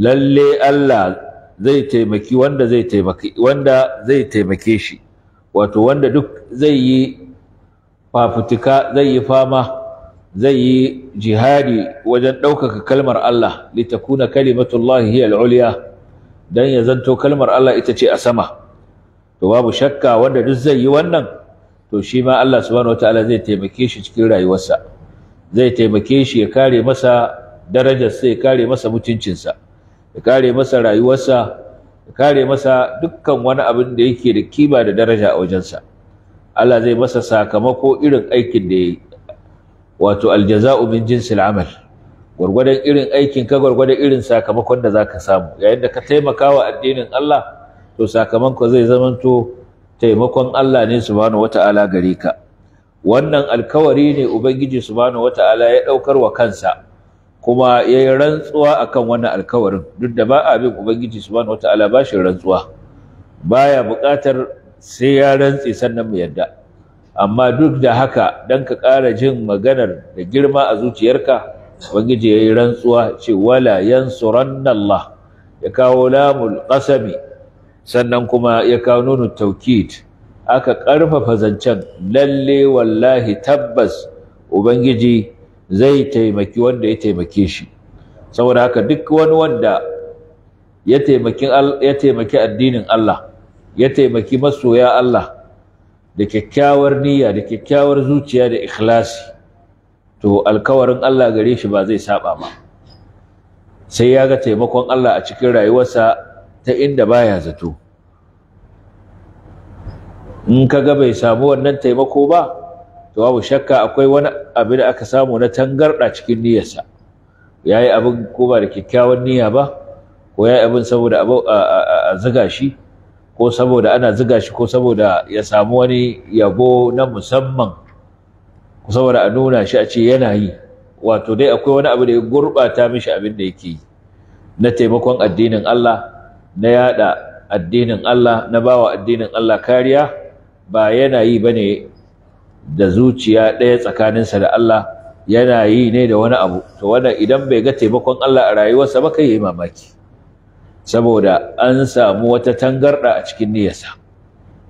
lalle Allah zai taimaki wanda zai taimaki wanda zai taimake shi wato wanda duk zai yi fafutuka zai yi fama zai yi jihadi wajen ɗaukaka kalmar Allah litakuna kalimatullahi hiya al-ulya dan ya zanto kalmar Allah ita ce a sama to babu shakka wanda duk zai yi wannan to shi ma Allah subhanahu wataala zai taimake shi cikin rayuwarsa zai taimake shi ya kare masa darajarsa ya kare masa mutuncinsa ya kare masa rayuwarsa ya kare masa dukkan wani abin da yake da kima da daraja a wajensa Allah zai masa sakamako irin aikin da ya yi wato aljaza'u min jinsil amal gwargwadon irin aikin ka gwargwadon irin sakamakon da zaka samu yayin da ka taimaka wa addinin Allah to sakamakon zai zamanto taimakon Allah ne subhanahu wata'ala gare ka wannan alkawari ne ubangiji subhanahu wata'ala ya daukar wa kansa kuma ya yi rantsuwa akan wannan alkawarin duk da ba a bin ubangiji subhanahu wataala ba shi rantsuwa baya buƙatar sai ya rantse sannan mu yadda amma duk da haka dan ka ƙara jin maganar da girma a zuciyarka ubangiji ya yi rantsuwa ce wala yansurannallah ya kawo lamul qasami sannan kuma ya kawo nunu taukid aka ƙarfafa zancen lalle wallahi tabbas ubangiji zai taimaki wanda ya taimake shi saboda haka duk wani wanda ya taimaki ya taimaki addinin Allah ya taimaki masoya Allah da kyakkyawar niyya da kyakkyawar zuciya da ikhlasi to alkawarin Allah gare shi ba zai saba ba sai ya ga taimakon Allah a cikin rayuwarsa ta inda baya zato in ka ga bai samu wannan taimako ba to babu shakka akwai wani abu da aka samu na tangarɗa cikin niyyarsa ya yi abin ko ba da kyakkyawan niyya ba ko ya yi abin saboda a ziga shi ko saboda ana ziga shi ko saboda ya samu wani yabo na musamman ko saboda a nuna shi a ce yana yi wato dai akwai wani abu da ya gurɓata mishi abin da yake yi na taimakon addinin Allah na yada addinin Allah na bawa addinin Allah kariya ba yana yi bane da zuciya ɗaya tsakaninsa da Allah yana yi ne da wani abu to wannan idan bai ga taimakon Allah a rayuwarsa ba kai yayi mamaki saboda an samu wata tangarda a cikin niyyarsa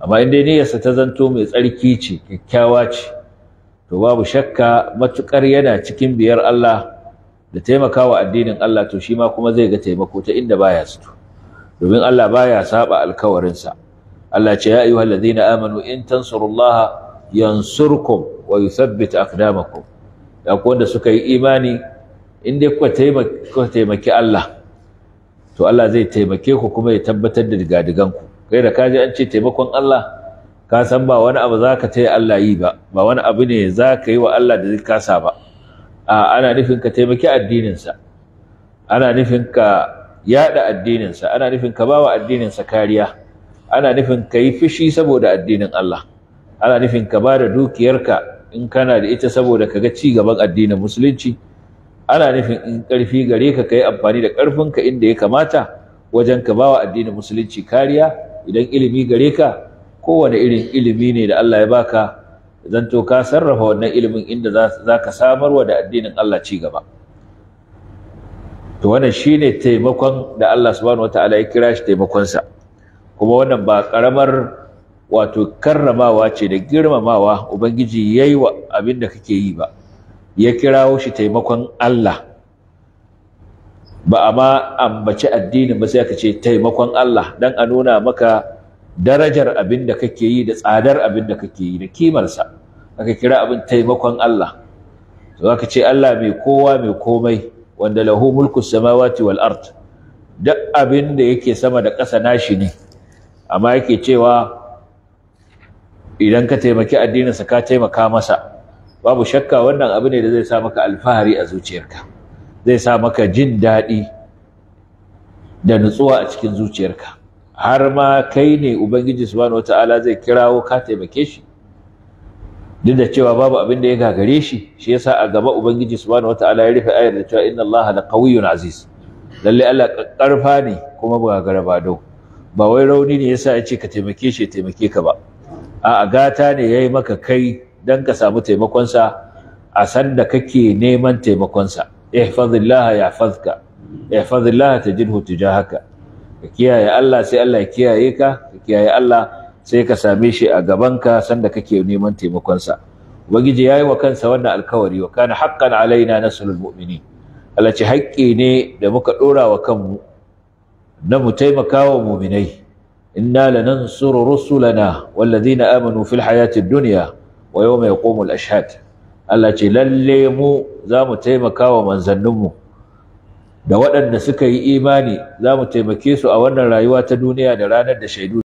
amma in dai niyyarsa ta zanto mai tsarki ce kyakkyawa ce to babu shakka matukar yana cikin biyar Allah da taimakawa addinin Allah to shi ma kuma zai ga taimako ta inda baya zato domin Allah baya saba alkawarinsa Allah ce ya ayyuhal ladina amanu in tansurullaha yansurkum wa yuthabbit aqdamakum da wanda suka yi imani in dai kuka taimaki Allah to Allah zai taimake ku kuma ya tabbatar da digadigan ku kai da kaje an ce taimakon Allah ka san ba wani abu zaka taya Allah yi ba ba wani abu ne zaka yi wa Allah da zai kasa ba a ana nufin ka taimaki addinin sa ana nufin ka yada addinin sa ana nufin ka bawa addinin sa kariya ana nufin ka yi fishi saboda addinin Allah ana nufin ka ba da dukiyarka in kana da ita saboda ka ga ci gaban addinin musulunci ana nufin in ƙarfi gare ka ka yi amfani da ƙarfinka inda ya kamata wajen ka bawa addinin musulunci kariya idan ilimi gare ka kowane irin ilimi ne da Allah ya baka zan to ka sarrafa wannan ilimin inda za ka samar wa da addinin Allah ci gaba to wannan shine taimakon da Allah subhanahu wataala ya kira shi taimakonsa kuma wannan ba ƙaramar wato karramawa ce da girmamawa ubangiji yayi wa abin da kake yi ba ya kirawo shi taimakon Allah ba amma ambace ambaci addinin ba sai ka ce taimakon Allah dan a nuna maka darajar abin da kake yi da tsadar abin da kake yi da kimarsa aka kira abin taimakon Allah to aka ce Allah mai kowa mai komai wanda lahu mulku samawati wal ard duk abin da yake sama da ƙasa nashi ne amma yake cewa idan ka taimaki addininsa ka taimaka masa babu shakka wannan abu ne da zai sa maka alfahari a zuciyarka zai sa maka jin daɗi da nutsuwa a cikin zuciyarka har ma kai ne ubangiji subhanahu wata'ala zai kirawo ka taimake shi duk da cewa babu abin da ya gagare shi shi yasa a gaba ubangiji subhanahu wata'ala ya rufe ayar da cewa inna allaha qawiyyun aziz lalle Allah karfa ne kuma ba ba dau ba wai rauni ne yasa ya ce ka taimake shi taimake ka ba A'a gata ne yayi maka kai dan ka samu taimakonsa a sanda kake neman taimakonsa ihfazillah yahfazka ihfazillah tajidhu tujahaka ka kiyaye Allah sai Allah ya kiyaye ka ka kiyaye Allah sai ka same shi a gabanka sanda kake neman taimakonsa ubangiji yayi wa kansa wannan alkawari wa kana haqqan alaina nasrul mu'minin Allah ce haƙƙi ne da muka ɗora wa kanmu na mu taimakawa mu'minai إنا لننصر رسلنا والذين آمنوا في الحياة الدنيا ويوم يقوم الأشهاد التي لليمو زام تيمكا ومن زنمو da waɗanda suka yi imani za mu taimake su a wannan rayuwa ta duniya da ranar da shaidu